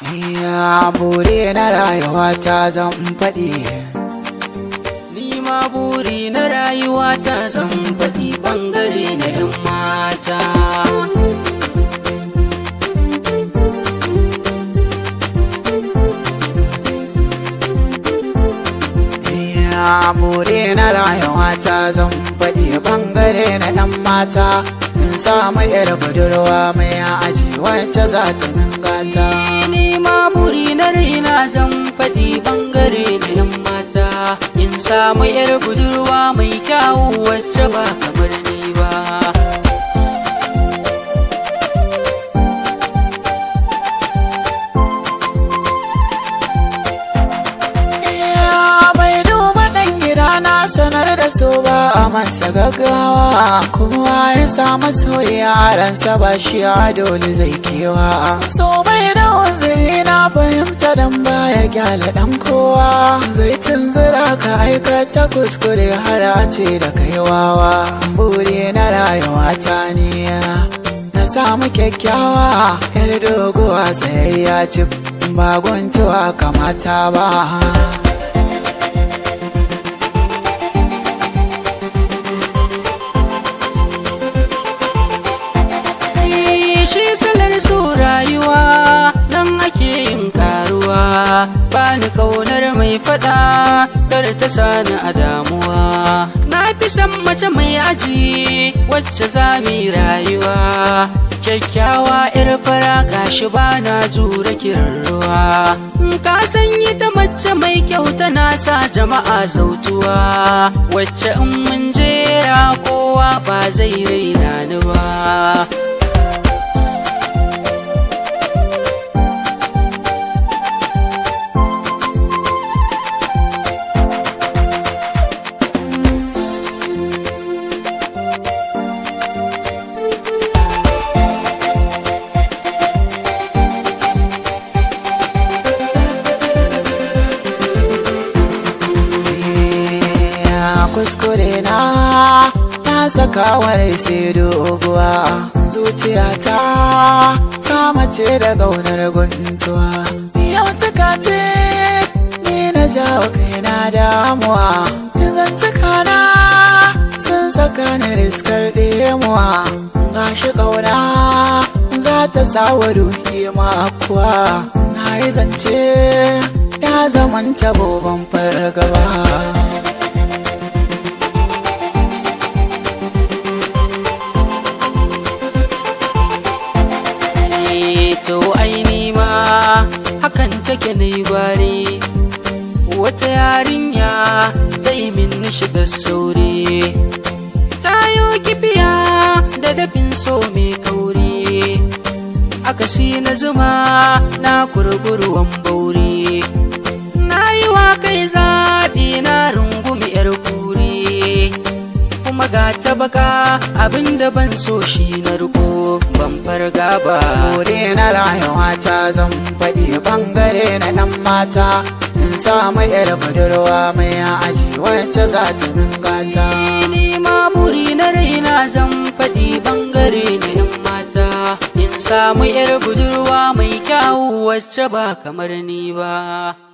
Iya buri na rayuwa ta zan faɗi. Ni ma na rayuwa ta zan faɗi bangare na 'yan mata. Iya na rayuwa ta zan faɗi bangare na 'yan mata. sa mai yar budurwa mai aji wacce za ta nan gata ni ma buri na rina zan faɗi bangare da yan mata in samu yar budurwa mai kyawu wacce ba kamar ni masa gaggawa kowa ya samu soyayya ransa ba shi a dole zai kewa so mai na wanzuri na fahimta dan baya gyala dan kowa zai tunzura ka aikata kuskure har a ce da kaiwawa buri na rayuwa ta ne na samu kyakkyawa yar doguwa tsayayya cif ba guntuwa kamata ba so rayuwa dan ake yin karuwa ba ni kaunar mai fada kar ta sani a damuwa na fi san mace mai aji wacce za mu rayuwa kyakkyawa yar fara gashi ba na jure kiran ruwa ka yi ta mace mai kyau tana sa jama'a zautuwa wacce in mun jera kowa ba zai raina ni ba na na saka rai sai doguwa zuciyata ta mace da gaunar guntuwa yau tuka ce ni na jawo kaina damuwa yanzu tuka na sun saka ni riskar demuwa gashi ƙauna za ta sawa ruhi makuwa na yi zance ya zamanta boban fargaba to aini ma hakan take na gwari wata yarinya ta yi min sauri. Ta tayo kibiya da dafin so mai kauri akasi na zuma na kurguruwan bauri na yi wa kai zaɓi na rungumi yar kuri kuma ga ta baka abin da ban so shi na riko kamar gaba Bure na rayuwa ta zan faɗi bangare na ɗan mata In samu yar budurwa mai aji wacce za ta dinga ta Ni ma buri na raina zan faɗi bangare na ɗan mata In samu yar budurwa mai kyau wacce ba kamar ni ba